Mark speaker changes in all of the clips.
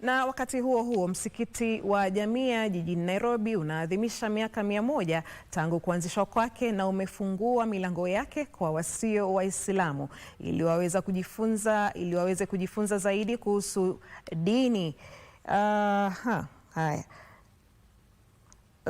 Speaker 1: Na wakati huo huo, msikiti wa Jamia jijini Nairobi unaadhimisha miaka mia moja tangu kuanzishwa kwake na umefungua milango yake kwa wasio Waislamu ili waweze kujifunza, ili waweze kujifunza zaidi kuhusu dini. Uh, ha, haya.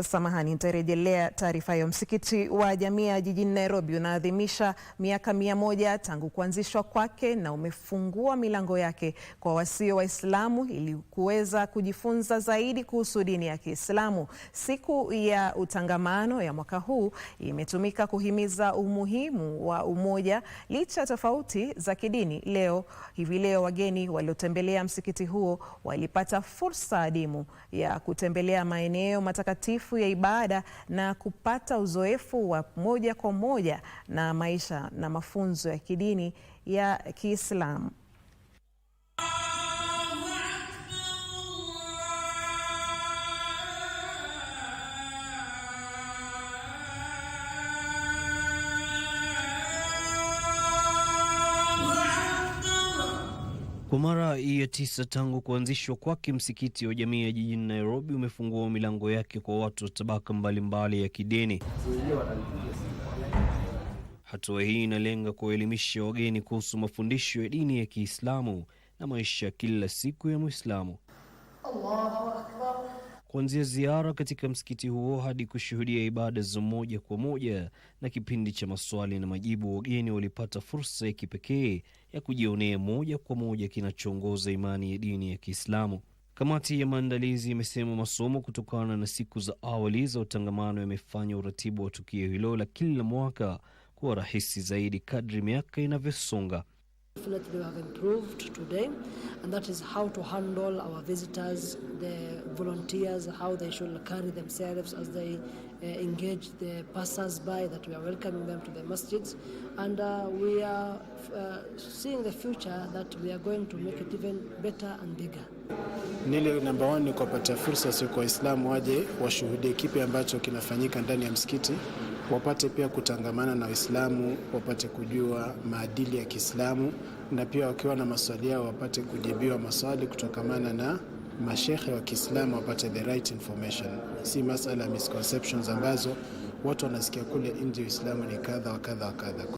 Speaker 1: Samahani, nitarejelea taarifa hiyo. Msikiti wa Jamia jijini Nairobi unaadhimisha miaka mia moja tangu kuanzishwa kwake na umefungua milango yake kwa wasio Waislamu ili kuweza kujifunza zaidi kuhusu dini ya Kiislamu. Siku ya utangamano ya mwaka huu imetumika kuhimiza umuhimu wa umoja licha tofauti za kidini. Leo hivi leo wageni waliotembelea msikiti huo walipata fursa adimu ya kutembelea maeneo matakatifu maelfu ya ibada na kupata uzoefu wa moja kwa moja na maisha na mafunzo ya kidini ya Kiislamu. Kwa mara ya tisa tangu kuanzishwa kwake, msikiti wa jamii ya jijini Nairobi umefungua milango yake kwa watu wa tabaka mbalimbali ya kidini. Hatua hii inalenga kuwaelimisha wageni kuhusu mafundisho ya dini ya Kiislamu na maisha ya kila siku ya Muislamu. Allahu Akbar kuanzia ziara katika msikiti huo hadi kushuhudia ibada za moja kwa moja na kipindi cha maswali na majibu, wageni walipata fursa ya kipekee ya kujionea moja kwa moja kinachoongoza imani ya dini ya Kiislamu. Kamati ya maandalizi imesema masomo kutokana na siku za awali za utangamano yamefanya uratibu wa tukio hilo la kila mwaka kuwa rahisi zaidi kadri miaka inavyosonga.
Speaker 2: Definitely, we have improved today, and that is how to handle our visitors, the volunteers, how they should carry themselves as they uh, engage the passers-by that we are welcoming them to the masjids, and uh, we are uh, seeing the future that we are going to make it even better and bigger.
Speaker 3: Nile namba one ni kuwapatia fursa sio kwa Waislamu waje washuhudie kipi ambacho kinafanyika ndani ya msikiti, wapate pia kutangamana na Waislamu, wapate kujua maadili ya Kiislamu, na pia wakiwa na maswali yao wapate kujibiwa maswali kutokamana na mashehe wa Kiislamu, wapate the right information, si masala ya misconceptions ambazo watu wanasikia kule nje Uislamu ni kadha wa kadha wa kadha.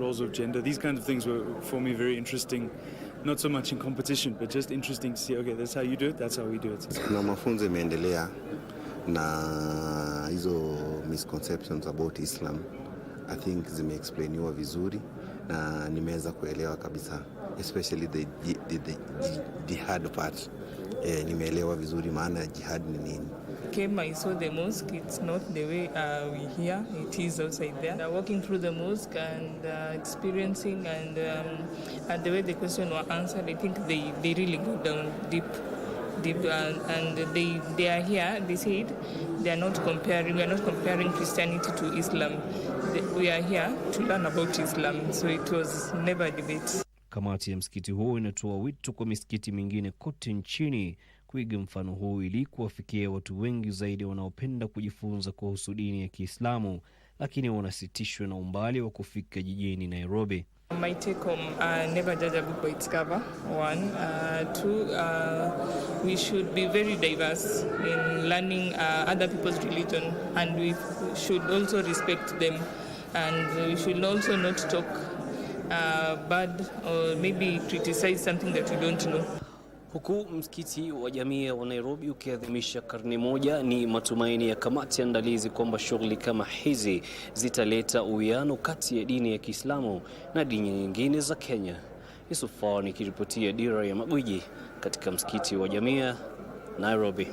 Speaker 4: roles of gender. These kinds of things were for me very interesting. Not so much in competition, but just interesting to see, okay, that's how you do it, that's how we do it.
Speaker 5: Kuna mafunzo imeendelea na hizo misconceptions about Islam. I think zimeexplainiwa vizuri na nimeweza kuelewa kabisa especially the, the, the, the jihad part. Eh, nimeelewa vizuri maana ya jihad ni nini.
Speaker 6: Came I saw the mosque, it's not the way uh, we hear, it is outside there. and, Uh, walking through the mosque and uh, experiencing and, um, and the way the question were answered, I think they, they really go down deep deep and, uh, and they, they are here, they said they are not comparing, we are not comparing Christianity to Islam. They, we are here to learn about Islam, so it was never a debate.
Speaker 1: Kamati ya msikiti huo inatoa wito kwa misikiti mingine kote nchini kuiga mfano huu ili kuwafikia watu wengi zaidi wanaopenda kujifunza kuhusu dini ya Kiislamu lakini wanasitishwa na umbali wa kufika jijini Nairobi.
Speaker 7: My take home, uh, never judge a book by its cover, one. Uh, two, uh, we should be very diverse in learning uh, other people's religion and we should also respect them and we should also not talk Uh, bad or maybe criticize something that you don't know.
Speaker 1: Huku msikiti wa jamii wa Nairobi ukiadhimisha karne moja, ni matumaini ya kamati andalizi kwamba shughuli kama hizi zitaleta uwiano kati ya dini ya Kiislamu na dini nyingine za Kenya. Yusuf Fawa nikiripotia Dira ya Magwiji katika msikiti wa jamii ya Nairobi.